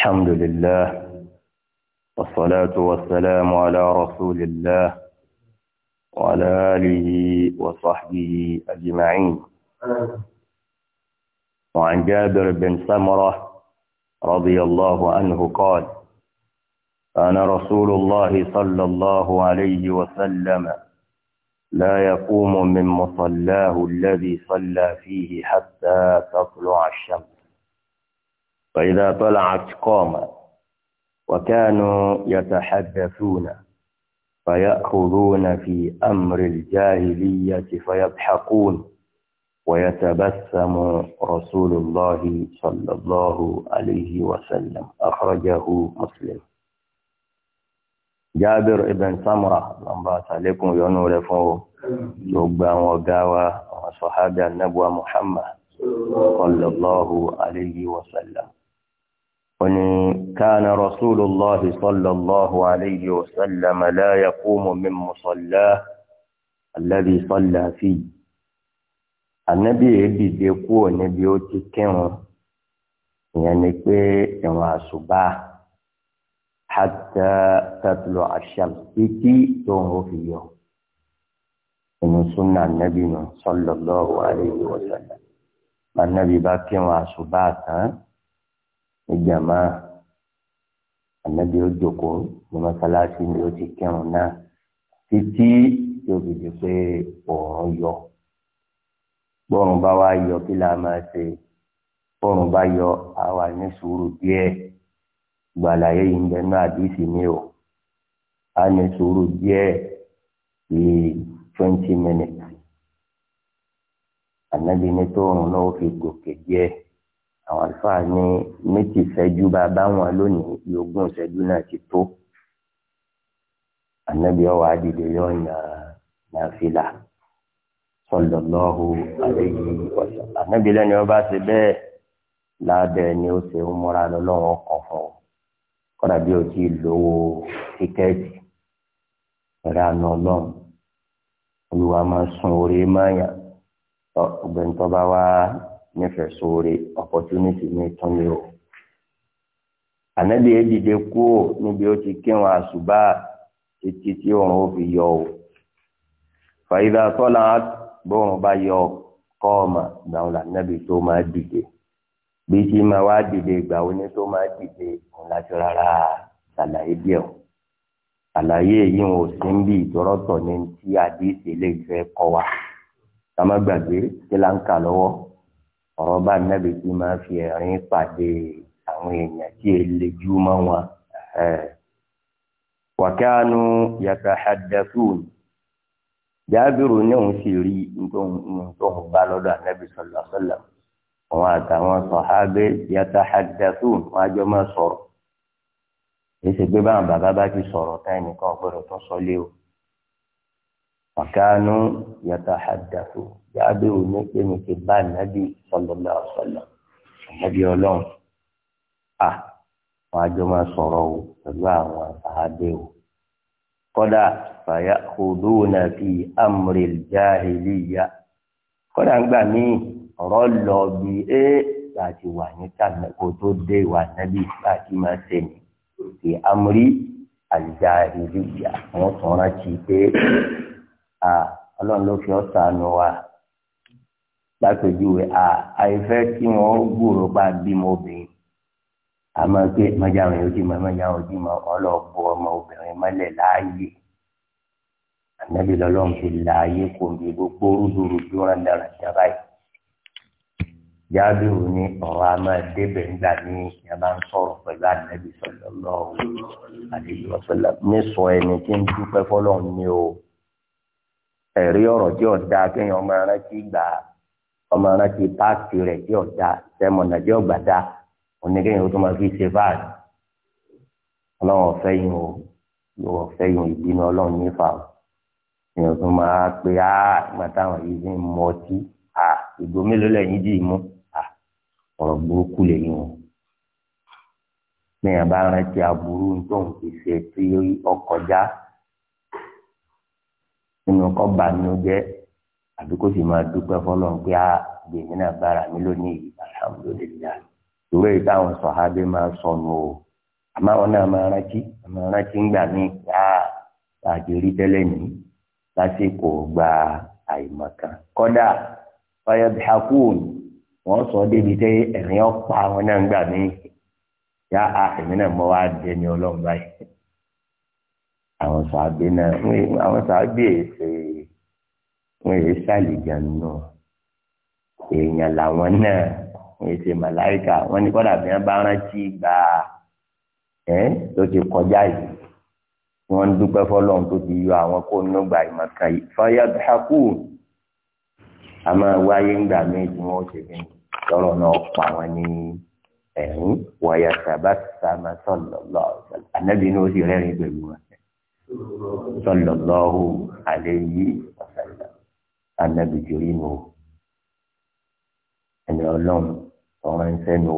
الحمد لله والصلاة والسلام على رسول الله وعلى آله وصحبه أجمعين وعن جابر بن سمرة رضي الله عنه قال أنا رسول الله صلى الله عليه وسلم لا يقوم من مصلاه الذي صلى فيه حتى تطلع فإذا طلعت قام وكانوا يتحدثون فيأخذون في أمر الجاهلية فيضحكون ويتبسم رسول الله صلى الله عليه وسلم أخرجه مسلم جابر بن سمرة الله عليكم ينور فوق يبا وقاوى وصحابة النبوة محمد صلى الله عليه وسلم وني كان رسول الله صلى الله عليه وسلم لا يقوم من مصلاه الذي صلى فيه النبي يبي ديكو النبي ó ti kírun ìyẹn ni pé حتى تطلع الشمس títí tóòrùn fi yọ inú súnà nàbì صلى الله عليه وسلم النبي bá يوم الصباح níjàmá ànábi ó jókòó ní mọ́sálásí ni ó ti kírun náà títí tí ó fi di pé òòrùn yọ bọ́ọ̀rùn bá wá yọ kí la máa ṣe bọ́ọ̀rùn bá yọ àwa ní sùúrù díẹ̀ gbàlàyé yìí ń bẹ náà àdìsí mi o a ní sùúrù díẹ̀ bíi twenty minutes ànábi ní tóòrùn náà ó fi gòkè díẹ̀ àwọn àlùfáà ní ní ti ṣẹ́jú bá bá wọn lónìí yógún ṣẹ́jú náà ti tó ànábì ọwọ́ adìde yóò yàn nàfìlà sallallahu alayhi wa sallam ànábì lẹ́ni ọba ṣe bẹ́ẹ̀ lábẹ́ ni ó ṣe ń múra lọ́lọ́wọ́ kan fún ọ kọ́dà bí o ti lówó tíkẹ́ẹ̀tì ẹ̀rọ àna ọlọ́run olùwà máa sun orí máa yàn ọgbẹ́ntọ́ wá nífẹ̀ẹ́ sóore opportunity ní tọ́lé o. ànábìyẹ dìde kú ò níbi ó ti kírun àṣùbà títí tí òun ó fi yọ o. fàyídà tọ́lá bóun bá yọ kọ́ ọ̀mà gbàùn lànàbì tó máa dìde bí tí máa wá dìde gbàùn ní tó máa dìde òun láti rárá ṣàlàyé díẹ̀ àlàyé yìí ò sí ń bí ìtọ́rọ́tọ̀ ní ti àdìsí ilé ìfẹ́ kọ́ wa ká má gbàgbé kí là ń kà lọ́wọ́. ọ̀rọ̀ bá nẹ́bi tí máa fi ẹ̀rín pàdé àwọn èèyàn tí è lè jú mọ́ wọn. wàkánú yatahaddathun jábìrù ní òun sì rí bá lọ́dọ̀ ànábì sallallahu alaihi àtàwọn sọ̀hábẹ́ yatahaddathun wọn àjọ máa sọ̀rọ̀ èsì pé báwọn bàbá bá ti sọ̀rọ̀ táyì nìkan ọ̀gbọ́dọ̀ tó sọ lé o. fàkánú yàtọ̀ àdàtò jáde òní pé mi ti bá nàbí sọlọlá ọsọlọ nàbí Ọlọ́run à wọn àjọ máa sọ̀rọ̀ o pẹ̀lú àwọn àbáadé o kódà fàyà kòdó náà fi amúre jáhìlì yá kódà ń gbà mí ọ̀rọ̀ lọ bí ẹ láti wà ní tàbí kó tó dé wà nàbí láti máa ṣe ní fi amúre àjáhìlì yá wọn tún rántí pé à ọlọ́run ló fi ọ́ sànù wa lápèjúwe à àìfẹ́ kí wọ́n gbúrò bá bímọ obìnrin àmọ́ pé mọ́jáwé ojú mọ́ mọ́jáwé ojú mọ́ ọlọ́ọ̀bù ọmọ obìnrin mọ́lẹ̀ láàyè ànábì lọ́lọ́run fi láàyè kò ní gbogbo rúdurùdu rán dáradára yìí jábìrù ni ọ̀rọ̀ a máa débẹ̀ nígbà ní ẹ bá ń sọ̀rọ̀ pẹ̀lú ànábì sallallahu alaihi wasallam ní sọ ẹni tí ń dúpẹ́ fọlọ́run ni o. ẹ̀rí ọ̀rọ̀ tí ọ̀dà kéèyàn ọmọ rántí gbà ọmọ rántí páàkì rẹ̀ tí ọ̀dà sẹ́mọ̀nà ọ daa, dá oníkéèyàn tó máa fi ṣe báàlì ọlọ́run ọ̀fẹ́ yìí o yóò ọ̀fẹ́ yìí ìbínú ọlọ́run o èèyàn tó máa pe á táwọn yìí fi ń mọ ọtí à ìgò mélòó lẹ́yìn dì í mú à ọ̀rọ̀ burúkú lẹ́yìn o lẹ́yìn aburú tó ń fi ṣe tí ọkọjá nínú kọ́ bá nínú jẹ́ àbí kó sì máa dúpẹ́ fọlọ́n pé a gbèmí náà bára mi lónìí alhamdulilayi ìwé ìtàwọn sọ̀hábẹ́ máa sọnù o àmọ́ àwọn náà máa rántí máa rántí ńgbà mí yá àjèrí tẹ́lẹ̀ ní lásìkò gba àìmọ̀kan kọ́dà fayabihakun wọ́n sọ débi tẹ́ ẹ̀rín ọ̀pá àwọn náà ńgbà mí yá àìmí náà mọ́ wá dẹni ọlọ́run báyìí àwọn sàábé náà àwọn sàábé èsè wọn èyí sàlìjà nù èèyàn làwọn náà wọn èyí ṣe màláìka wọn ní kọ́dà bí wọn bá rántí gba ẹ tó ti kọjá yìí wọn ń dúpẹ́ fọlọ́run tó ti yọ àwọn kó nínú gba ìmọ̀kan yìí fọyà dákú a máa wáyé ńgbà míì tí wọn ṣe fi lọ́rọ̀ náà pa wọn ní ẹ̀rín wọ̀yà sàbá sàmà sọ̀lọ̀ lọ́ọ̀ ànábìínú ó sì rẹ́rìn pẹ̀lú wọn sallallahu alayhi wa sallam anabi jori nù ẹni ọlọ́run ọ̀rọ̀ ẹ̀ńsẹ́ nù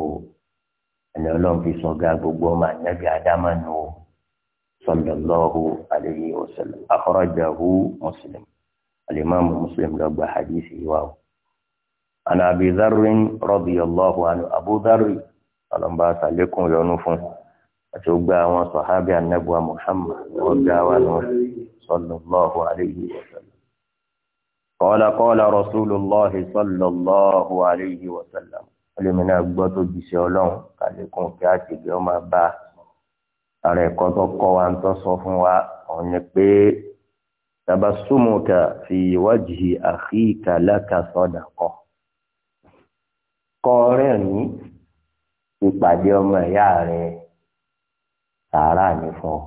ẹni ọlọ́run fi sọ̀gá gbogbo ọmọ anabi adama nù sallallahu alayhi wa sallam akhrajahu muslim alimami muslim ló gbà hadithi wa o ana abi dharrin radiyallahu anhu abu dharri yọnu fún àti gbogbo àwọn sọ̀hábì anábùwà Muhammad ọ̀gá wa nù sallallahu alayhi wa sallam. qala qala rasulillah sallallahu alayhi wa sallam. olèmi náà gbọ́ tó jíṣẹ́ ọlọ́run kálíkùn kí á ti gbé ọ máa bá a. ara ẹ̀kọ́ tó kọ́ wa ń tọ́ sọ fún wa òun ni pé tabassumuka fi wajhi akhika laka sadaqa. kọ́ rẹ́rìn-ín ìpàdé ọmọ ìyá rẹ̀ sàárà ní fún ọ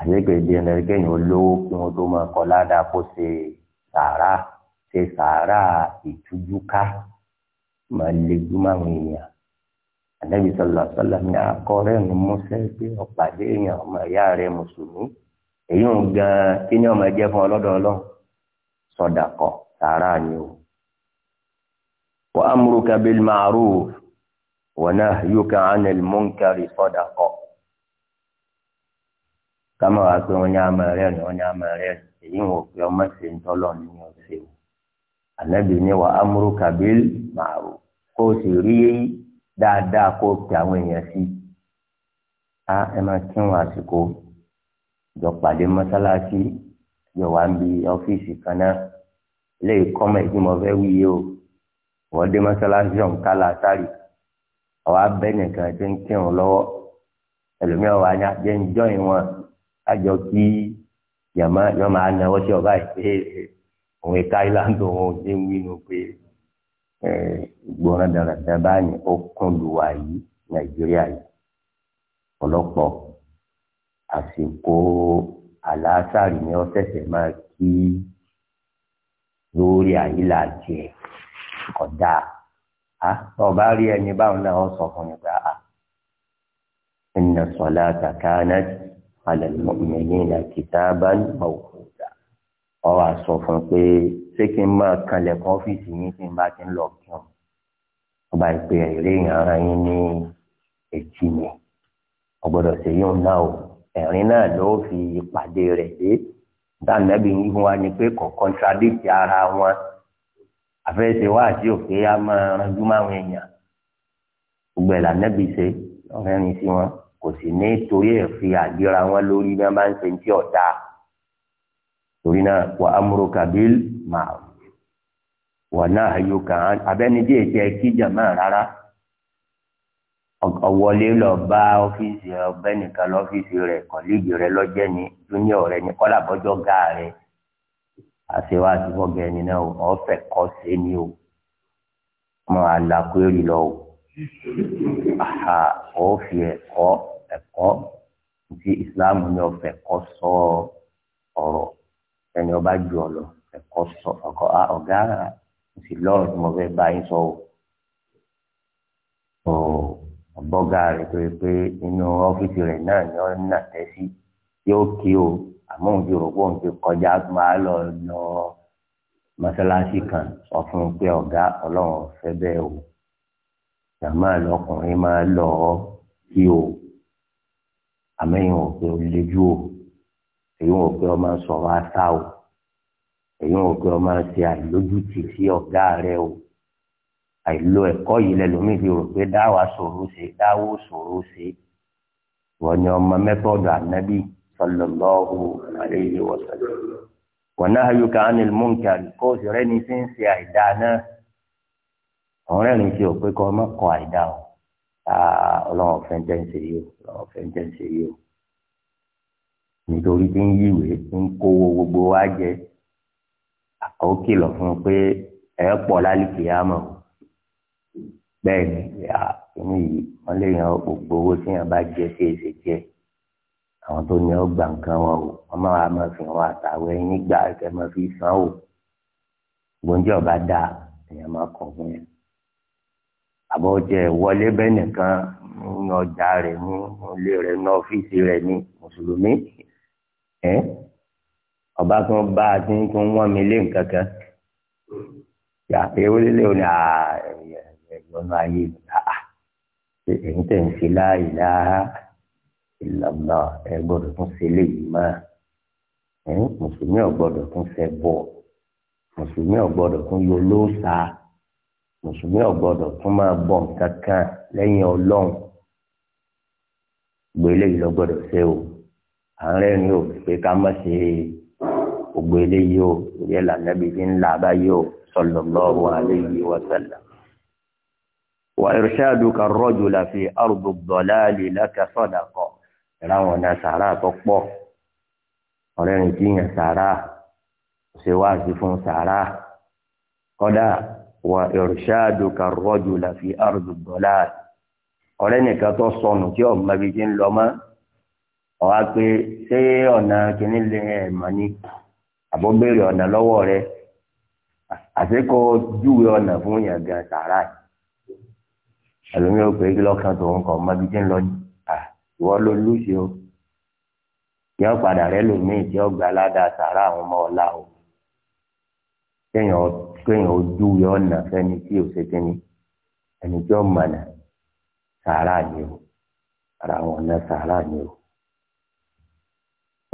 àyẹ̀gbẹ̀dẹ ẹnẹgẹ́yìn olówó kí wọ́n tó máa kọ́ ládàá kó ṣe sàárà ṣe sàárà ìtújúká máa lejú máwọn èèyàn ànábì sọlọ sọlọ ní akọrẹ ní mọsẹ pé ọpàdé èèyàn ọmọ ìyá rẹ mùsùlùmí èyí ń gan kí ọmọ ẹjẹ fún ọlọdọ sọdà kọ sàárà ni o. wa amruka bil ma'ruf ونهيك عن المنكر صدقة kama wàá pé wọn ní àmọ rẹ ni wọn ní àmọ rẹ èyí wọn fi ọmọ ṣe ń tọ́lọ̀ ní ọ̀sẹ̀ o ànábì ní wa amúrú kabil màrú kó o sì rí dáadáa kó o pe àwọn èèyàn sí a ẹ máa kí wọn àsìkò jọ pàdé mọ́sálásí yọ wá ń bi ọ́fíìsì kan náà lẹ́yìn kọ́mọ̀ mo fẹ́ wí yé o wọ́n dé mọ́sálásí ọ̀hún kálá sáré ọwọ abẹ nìkan tí ń kírun lọ́wọ́ ẹlòmíì ọwọ anyá jẹ ń jọyìn wọn àjọ kí yàmá yọ máa náwó sí ọba ìpè òun ìka ìlànà òun ṣe ń wí nu pé ìgbọràn dáradára báyìí ó kún lùwà yìí nàìjíríà yìí ọ̀pọ̀lọpọ̀ àsìkò àlàásàrì ni wọ́n ṣẹ̀ṣẹ̀ máa kí lórí àyílà jẹ a ọba rí ẹni báwọn náà sọ fún mi pé a ah, inna salata kanat ala al-mu'minina kitaban mawquta ọ wà sọ fún pé ṣé kí n máa kanlẹ̀ kọ́ ọ́fíìsì yín tí n bá ti ń lọ kí ọba ìpè èrè ìhànra yín ní èjì mi ọgbọ́dọ̀ ṣèyí òun náà o ẹ̀rín náà ló fi ìpàdé rẹ̀ dé dáàbí yìí wá ni pé kò kọ́ńtradíkì ara wọn àfẹ́sẹ̀ wá àti òkè á máa ranjú máwọn èèyàn gbogbo ẹ̀ lànàbì ṣe ọ̀rẹ́rin sí wọn kò sì ní torí ẹ̀ fi àdíra wọn lórí bí wọ́n bá ń ṣe ti ọ̀tá torí náà wà amúro kabil máa wà náà ayò kàn án abẹ́nidí ètò ẹ̀kí jàmá rárá ọ̀wọ́lé lọ bá ọ́fíìsì ọ̀bẹ́nìkan lọ́fíìsì rẹ̀ kọ̀líìgì rẹ̀ lọ́jẹ́ ni júníọ̀ rẹ̀ ní kọ́lá bọ́jọ́ gáà rẹ̀ àṣewá ti fọ́gẹ̀ ẹni náà ọ̀fẹ́ kọ́ sí ni o mọ àlàkùrì lọ o àhà ọ̀fi ẹ̀kọ́ ẹ̀kọ́ ti Islam ní ọ̀fẹ́ kọ́ sọ ọ̀rọ̀ ẹni ọba jù ọ lọ ẹ̀kọ́ sọ ọ̀kọ́ ah, ọ̀gá sì lọ́rùn tí mo fẹ́ bá yín sọ o ọ̀bọ́gà rẹ̀ pé inú ọ́fíìsì rẹ̀ náà ni ọ́ nà tẹ́ sí yóò kí o àmọ́ òun ti rò pé òun ti kọjá máa lọ lọ mọ́sálásí kan sọ fún un pé ọ̀gá ọlọ́run fẹ́ bẹ́ẹ̀ o jàmá lọkùnrin máa lọ kí o àmẹ́yìn ò pé o lejú o èyí ò pé o máa sọ̀rọ̀ asá o èyí ò pé o máa ṣe àìlójútì sí ọ̀gá rẹ o àìlo ẹ̀kọ́ yìí lẹ́lòmíì fi rò pé dáwà ṣòro ṣe dáwó ṣòro ṣe wọ́n ní ọmọ mẹ́tọ́ọ̀dù ànábì صلى الله عليه وسلم ونهيك عن المنكر كو سيرني سين سي ايدانا اورن سي او ما كو ايدا اه لو فنتن سي لو فنتن سي nítorí tí ń yíwèé ń kówó gbogbo wa jẹ ó kìlọ̀ fún un pé ẹ pọ̀ lálùkì àmọ́ bẹ́ẹ̀ ni ìyá inú yìí wọ́n lè yan gbogbo owó tí yẹn bá jẹ sí èsè jẹ́ àwọn tó ní ọgbà nǹkan wọn o wọn máa ma fi wọn àtàwọn ẹyin gbà kẹ máa fi san o gbòǹjẹ ọba dà èèyàn máa kọ fún yẹn àbọ̀ jẹ wọlé bẹ́ẹ̀ nìkan ní ọjà rẹ̀ ní ilé rẹ̀ ní ọ́fíìsì rẹ̀ ní mùsùlùmí ẹ ọba tó ń bá a ti ń tún wọ́n mi lé nǹkan kan yà ewu lélẹ̀ ò ní ẹ̀gbọ́n ayé ẹ̀yìn tẹ̀ ń ṣe láàyè láàá ìlàlá ẹ gbọ́dọ̀ tún ṣe léyìí máa ẹ̀yìn mùsùlùmí ò gbọ́dọ̀ tún ṣe bọ̀ mùsùlùmí ò gbọ́dọ̀ tún yọ lóòṣà mùsùlùmí ò gbọ́dọ̀ tún máa bọ nǹkan kan lẹ́yìn Ọlọ́run gbogbo eléyìí ló gbọ́dọ̀ ṣe o à ń rẹ́rìn o pé ká má ṣe gbogbo eléyìí o ìyẹn lànàbí fi ń la báyìí o sallallahu alayhi wa sallam. وإرشادك الرجل في أرض الضلال لك صدقة ìráwọn ọ̀nà sàárà tó pọ̀ ọ̀rẹ́ rìn jíyàn sàárà ṣe wáàsí fún sàárà kọ́dà wà ìrṣáàdù kàrọ́jù làfi àrùdù dọ́là ọ̀rẹ́ nìkan tó sọnù tí ọ̀ma bíi ti ń lọ mọ́ ọ̀wá pé ṣé ọ̀nà kìíní lè mọ̀ ni àbọ̀ béèrè ọ̀nà lọ́wọ́ rẹ̀ àṣekọ júwe ọ̀nà fún yàn gan sàárà ẹlòmíràn pé kí lọ́kàn tó ń kọ̀ ọ̀ma bíi ti ń lọ yìí ìwọ ló lùsì o yọ padà rẹ lòmíì tí ó gba aládàá sàrà àwọn ọmọ ọ̀la o kéèyàn kéèyàn ojú yọ ọ̀nà fẹ́ni tí ò ṣe ẹni tí ó mọ̀nà sàrà ni o ara wọn náà sàrà ni o.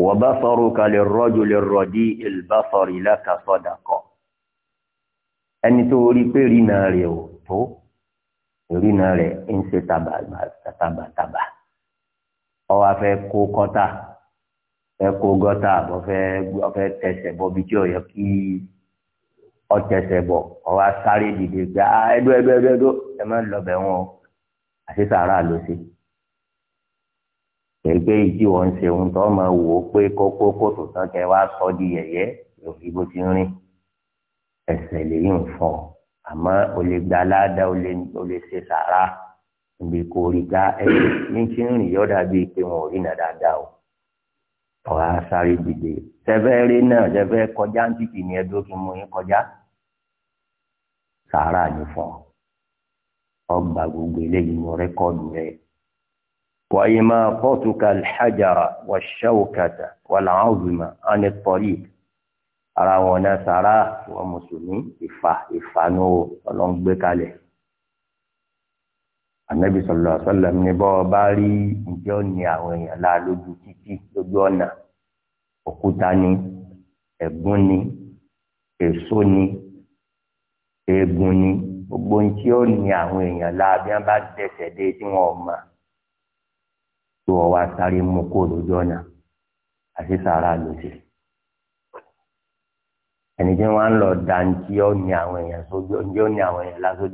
وبصرك للرجل الرديء البصر لك صدقة ẹni tó rí pé rínà rẹ̀ ò tó rínà rẹ̀ ń ṣe tàbàtàbà ọwọ́ afẹ́ kó kọ́tà fẹ́ kó gọ́tà bọ́ fẹ́ ọfẹ́ tẹsẹ̀ bọ́ bí tí ò yẹ kí ọ tẹsẹ̀ bọ̀ ọwọ́ asáré dìde gbà ẹdó ẹdó ẹdó ẹdó ẹ má lọ bẹ̀ wọn àti sàrà ló ṣe gbẹgbẹ ìdí wọn ṣe ohun tó máa wò ó pé kókó kótó tán kẹ wá sọ di yẹ̀yẹ́ lórí bó ti rìn ẹsẹ̀ lèyìn fún ọ àmọ́ o lè gba aládàá o lè ṣe sàrà ìgbè kò rí ga ẹni ní tí ń rìn yọ dàbí pé wọn ò rí nà dáadáa o ọ̀rá sáré dìde tẹ́fẹ́rẹ́ náà tẹ́fẹ́ kọjá ń tìtì ní ẹdó kí mo yín kọjá sàárà ní fún ọ ọgbà gbogbo eléyìí ní rẹ́kọ́ọ̀dù rẹ. wàyí máa pọ́tù kàlhájàrà wà ṣẹ́wòkàtà wà làwọn òbímọ á ní ara wọn náà sàárà wọn mùsùlùmí ìfà ìfànú ọlọ́ngbé anabi sallallahu alaihi wasallam ní bọ́ ọ bá rí ǹjẹ́ ó ní àwọn èèyàn láà lójú títí lójú ọ̀nà òkúta ni ẹ̀gún ni èso ni eegun ni gbogbo ń tí ó ní àwọn èèyàn láà bí wọ́n bá dẹ̀sẹ̀ dé tí wọ́n mọ̀ tó ọ wá sáré mú kó lójú ọ̀nà àti sàrà lòdì ẹni tí wọ́n lọ da ń tí ó ní àwọn èèyàn sójú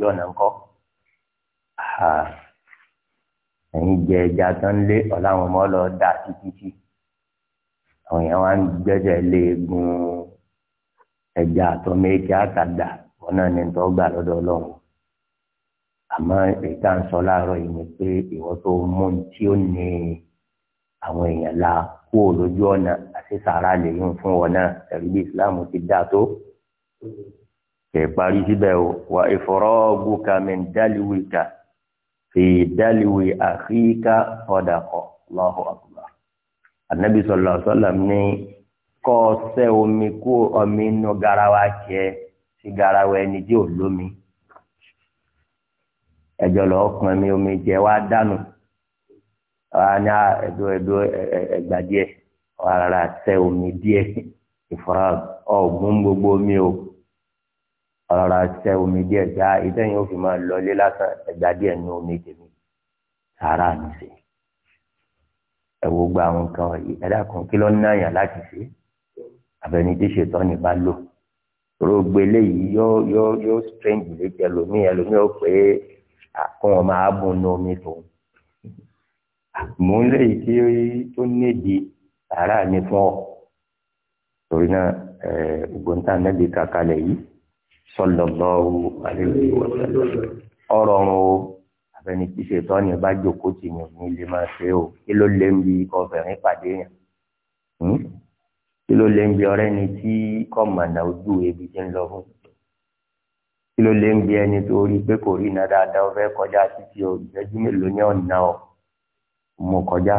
ó ní ẹ̀yin jẹ ẹja tán lé ọ̀làwọn ọmọ lọ dà títí àwọn èèyàn wá ń gbẹ́sẹ̀ lé egun ẹja àtọ́mẹ́kẹ́ àtàgbà wọn náà ní tó gbà lọ́dọ̀ ọlọ́run àmọ́ ìta ń sọ láàárọ̀ yìí ni pé ìwọ́n tó mú tí ó ní àwọn èèyàn la kó lójú ọ̀nà àti sàrà lèyìn fún wọn náà ẹ̀rí bí ìsìláàmù ti dáa tó kẹ̀ parí síbẹ̀ wà ìfọ̀rọ̀ gùkà mẹ́ńdálíwìkà. fi dálíwì àkíká ọ̀dàkọ̀ Allahu akbar. Ànábì sallallahu alaihi wasallam ní omi kú omi inú garawa tiẹ̀ sí garawa ẹni tí ò lómi. Ẹjọ́ lọ mi omi jẹ wa ọ̀rọ̀ ṣẹ omi díẹ̀ ṣá ìtẹ́yìn ó fi máa lọlé lásán ẹ̀gbá díẹ̀ ní omi tèmi sàárà mi ṣe ẹ̀wọ̀ gba àwọn nǹkan ẹ̀dá kan kí ló ń náyàn láti ṣe àbẹ̀ni tí ṣètọ́ ni bá lò rògbé léyìí yóò yóò yóò strange létí ẹlòmíì ẹlòmíì ó pé àkọ́ wọn máa bùn ní omi tòun mò ń léyìí tí tó nídìí sàárà mi fún ọ torí náà ẹ̀ ògbóǹtà nẹ́bí kakalẹ̀ yìí sallallahu alaihi wa sallam ọ̀rọ̀ ọ̀run o àfẹni tí ṣètò ọ̀nà bá jòkó tì yàn ní ilé máa ṣe o kí ló lé ń bi ọbẹ̀rin pàdé yàn hmm? kí ló lé ń bi ọ̀rẹ́ ni tí kò mọ̀nà ojú ebi ti ń lọ fún kí ló lé ń bi ẹni tó rí pé kò rí iná dáadáa ó fẹ́ kọjá títí o ìṣẹ́jú mélòó ní ọ̀nà ọ̀ mo kọjá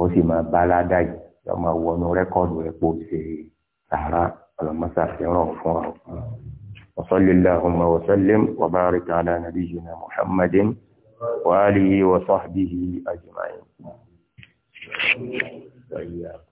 ó sì máa bá aládàá yìí ọmọ wọnú rẹ́kọ̀dù rẹ̀ pò ṣe sàárà. المساء يراه وصل اللهم وسلم وبارك على نبينا محمد وآله وصحبه أجمعين